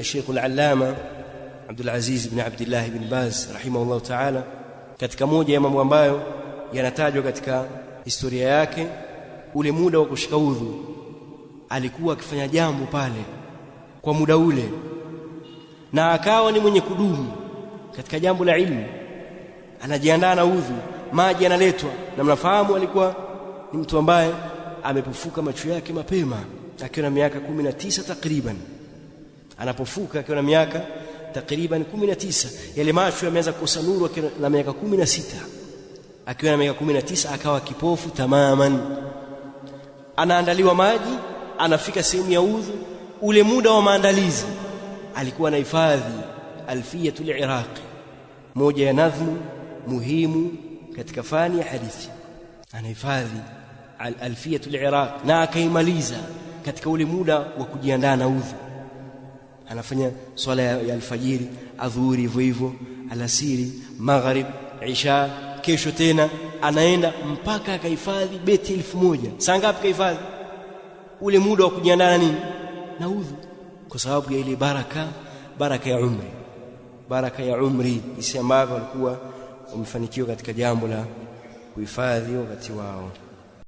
Sheikhu عبد العزيز بن عبد الله بن باز Baz rahimahullahu ta'ala, katika moja ya mambo ambayo yanatajwa katika historia yake, ule muda wa kushika udhu, alikuwa akifanya jambo pale kwa muda ule, na akawa ni mwenye kudumu katika jambo la ilmu. Anajiandaa na udhu, maji analetwa, na mnafahamu alikuwa ni mtu ambaye amepufuka macho yake mapema, akiwa na miaka kumi na tisa takriban anapofuka akiwa na miaka takriban 19 yale macho yameanza kukosa nuru akiwa na miaka 16 akiwa na miaka 19 akawa kipofu tamaman anaandaliwa maji anafika sehemu ya udhu ule muda wa maandalizi alikuwa anahifadhi alfiyatul iraq moja ya nadhmu muhimu katika fani ya hadithi anahifadhi alfiyatul iraqi na akaimaliza katika ule muda wa kujiandaa na udhu anafanya swala ya alfajiri adhuri hivyo hivyo alasiri magharib isha kesho tena anaenda mpaka akahifadhi beti elfu moja saa ngapi kahifadhi ule muda wa kujiandaa nini na udhu kwa sababu ya ile baraka baraka ya umri baraka ya umri isi ambavyo walikuwa wamefanikiwa katika jambo la kuhifadhi wakati wao